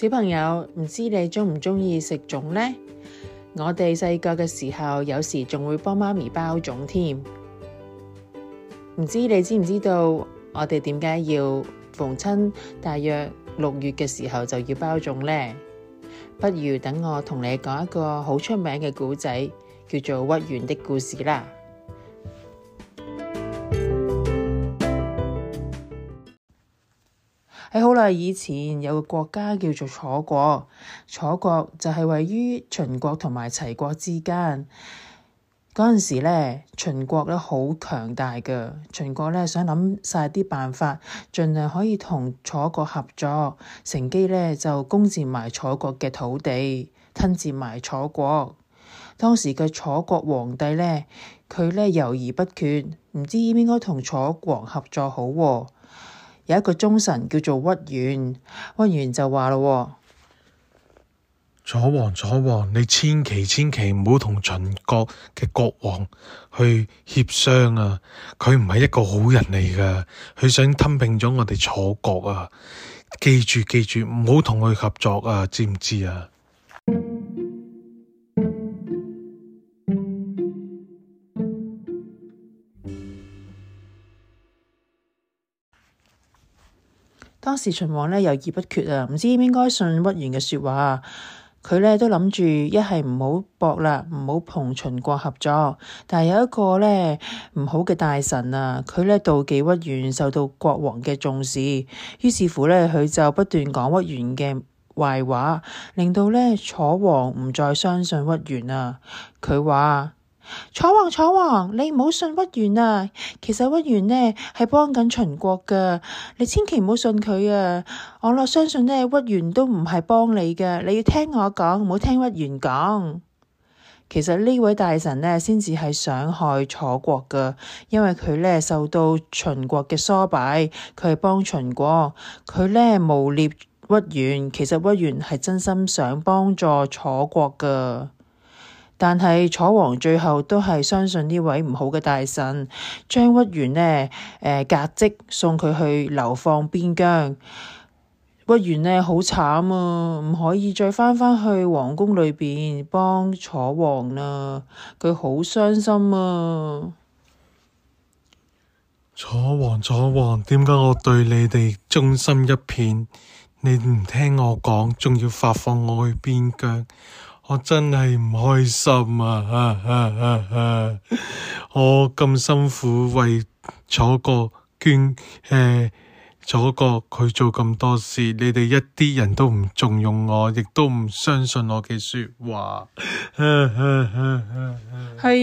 小朋友唔知你鍾唔鍾意食粽呢？我哋細個嘅時候，有時仲會幫媽咪包粽添。唔知你知唔知道我哋點解要逢親大約六月嘅時候就要包粽呢？不如等我同你講一個好出名嘅古仔，叫做屈原的故事啦。喺好耐以前，有個國家叫做楚國。楚國就係位於秦國同埋齊國之間。嗰陣時咧，秦國咧好強大㗎。秦國咧想諗晒啲辦法，盡量可以同楚國合作，乘機咧就攻占埋楚國嘅土地，吞佔埋楚國。當時嘅楚國皇帝咧，佢咧猶豫不決，唔知應唔應該同楚國合作好喎、哦。有一個忠臣叫做屈原，屈原就話喇喎：楚王，楚王，你千祈千祈唔好同秦國嘅國王去協商啊！佢唔係一個好人嚟㗎，佢想吞併咗我哋楚國啊！記住，記住，唔好同佢合作啊！知唔知啊？當時秦王咧猶豫不決啊，唔知應該信屈原嘅說話啊，佢咧都諗住一係唔好搏啦，唔好同秦國合作。但係有一個咧唔好嘅大臣啊，佢咧妒忌屈原受到國王嘅重視，於是乎咧佢就不斷講屈原嘅壞話，令到咧楚王唔再相信屈原啊。佢話。楚王，楚王，你唔好信屈原啊！其實屈原呢係幫緊秦國噶，你千祈唔好信佢啊！我就相信呢屈原都唔係幫你噶，你要聽我講，唔好聽屈原講。其實呢位大臣呢先至係想害楚國噶，因為佢呢受到秦國嘅唆擺，佢係幫秦國，佢呢誣衊屈原。其實屈原係真心想幫助楚國噶。但係楚王最後都係相信呢位唔好嘅大臣將屈原呢，誒、呃，革職，送佢去流放邊疆。屈原呢好慘啊，唔可以再翻返去皇宮裏邊幫楚王啊，佢好傷心啊！楚王，楚王，點解我對你哋忠心一片，你唔聽我講，仲要發放我去邊疆？我真係唔開心啊！啊啊啊啊我咁辛苦為楚國捐，誒、啊，楚國佢做咁多事，你哋一啲人都唔重用我，亦都唔相信我嘅說話。係啊，啊，啊，啊，啊，屈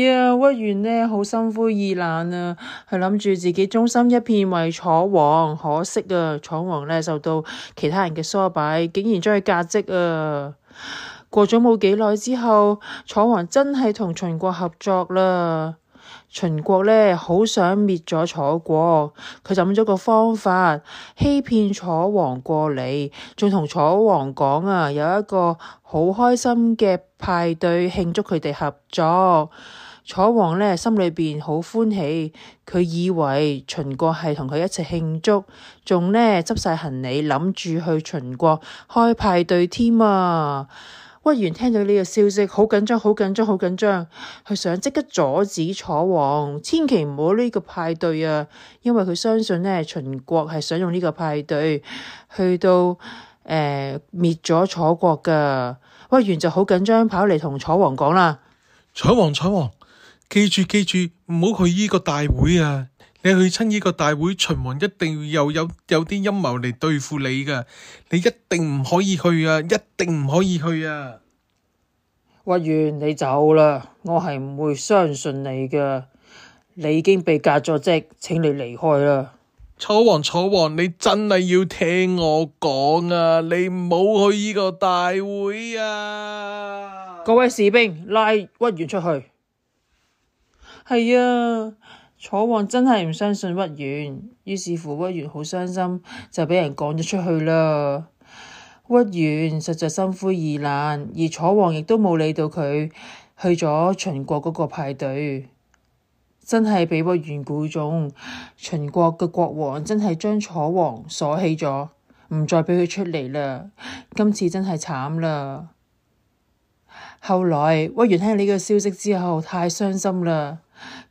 原呢，好心灰意冷啊，佢諗住自己忠心一片為楚王，可惜啊，楚王呢受到其他人嘅唆擺，竟然將佢革職啊！過咗冇幾耐之後，楚王真係同秦國合作啦。秦國呢，好想滅咗楚國，佢諗咗個方法欺騙楚王過嚟，仲同楚王講啊，有一個好開心嘅派對慶祝佢哋合作。楚王呢，心裏邊好歡喜，佢以為秦國係同佢一齊慶祝，仲呢執晒行李諗住去秦國開派對添啊！屈原聽到呢個消息，好緊張，好緊張，好緊張。佢想即刻阻止楚王，千祈唔好呢個派對啊！因為佢相信呢秦國係想用呢個派對去到誒滅咗楚國噶。屈原就好緊張，跑嚟，同楚王講啦：楚王，楚王，記住，記住，唔好去呢個大會啊！你去親呢個大會，秦王一定又有有啲陰謀嚟對付你噶，你一定唔可以去啊！一定唔可以去啊！屈原，你走啦，我係唔會相信你噶，你已經被革咗職，請你離開啦。楚王，楚王，你真係要聽我講啊！你唔好去呢個大會啊！各位士兵，拉屈原出去。係啊。楚王真係唔相信屈原，於是乎屈原好傷心，就俾人趕咗出去啦。屈原實在心灰意冷，而楚王亦都冇理到佢，去咗秦國嗰個派對，真係畀屈原估中。秦國嘅國王真係將楚王鎖起咗，唔再畀佢出嚟啦。今次真係慘啦。後來屈原聽到呢個消息之後，太傷心啦。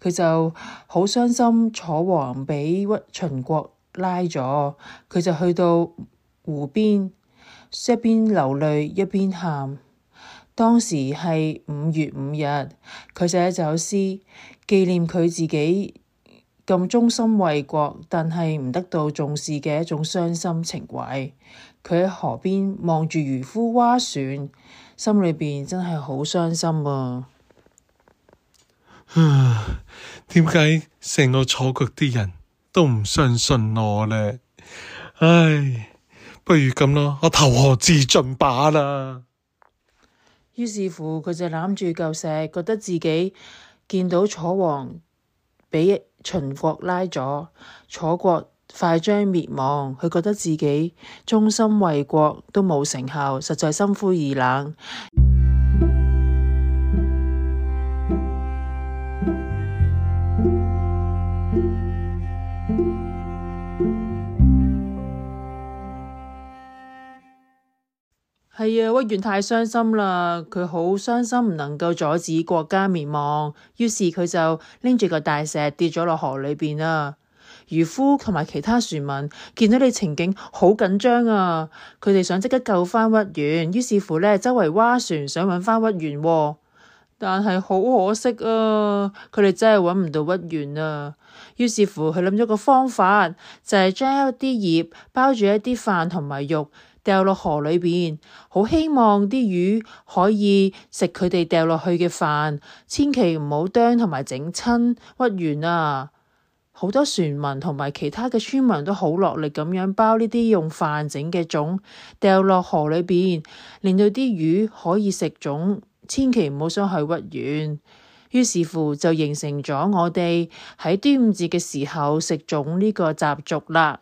佢就好傷心，楚王俾屈秦國拉咗，佢就去到湖邊，一邊流淚一邊喊。當時係五月五日，佢寫一首詩紀念佢自己咁忠心為國，但係唔得到重視嘅一種傷心情懷。佢喺河邊望住漁夫划船，心裏邊真係好傷心啊！點解成個楚國啲人都唔相信我呢？唉，不如咁咯，我投河自盡罷啦。於是乎，佢就攬住嚿石，覺得自己見到楚王俾秦國拉咗，楚國快將滅亡，佢覺得自己忠心為國都冇成效，實在心灰意冷。屈原太傷心啦，佢好傷心，唔能夠阻止國家滅亡，於是佢就拎住個大石跌咗落河裏邊啦。漁夫同埋其他船民見到你情景好緊張啊，佢哋想即刻救翻屈原，於是乎咧周圍划船想搵翻屈原啊，但係好可惜啊，佢哋真係搵唔到屈原啊。於是乎佢諗咗個方法，就係、是、將一啲葉包住一啲飯同埋肉。掉落河裏邊，好希望啲魚可以食佢哋掉落去嘅飯，千祈唔好啄同埋整親屈原啊！好多船民同埋其他嘅村民都好落力咁樣包呢啲用飯整嘅粽，掉落河裏邊，令到啲魚可以食粽，千祈唔好傷害屈原。於是乎就形成咗我哋喺端午節嘅時候食粽呢個習俗啦。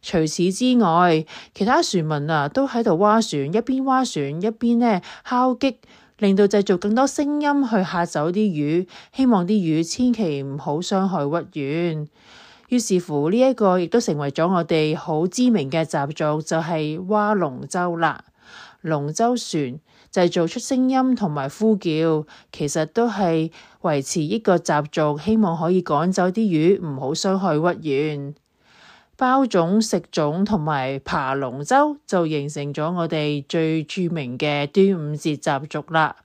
除此之外，其他船民啊都喺度划船，一邊划船一邊咧敲擊，令到製造更多聲音去嚇走啲魚，希望啲魚千祈唔好傷害屈原。於是乎，呢、這、一個亦都成為咗我哋好知名嘅習俗，就係、是、划龍舟啦。龍舟船製造出聲音同埋呼叫，其實都係維持一個習俗，希望可以趕走啲魚，唔好傷害屈原。包種食種同埋爬龍舟就形成咗我哋最著名嘅端午節習俗啦。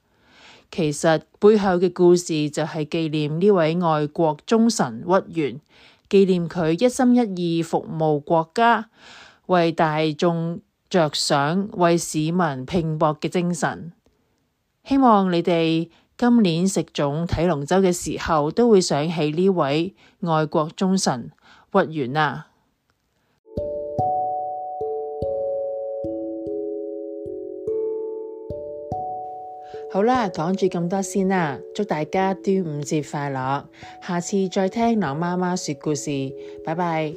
其實背後嘅故事就係紀念呢位愛國忠臣屈原，紀念佢一心一意服務國家、為大眾着想、為市民拼搏嘅精神。希望你哋今年食粽睇龍舟嘅時候，都會想起呢位愛國忠臣屈原啊！好啦，講住咁多先啦，祝大家端午節快樂！下次再聽朗媽媽說故事，拜拜。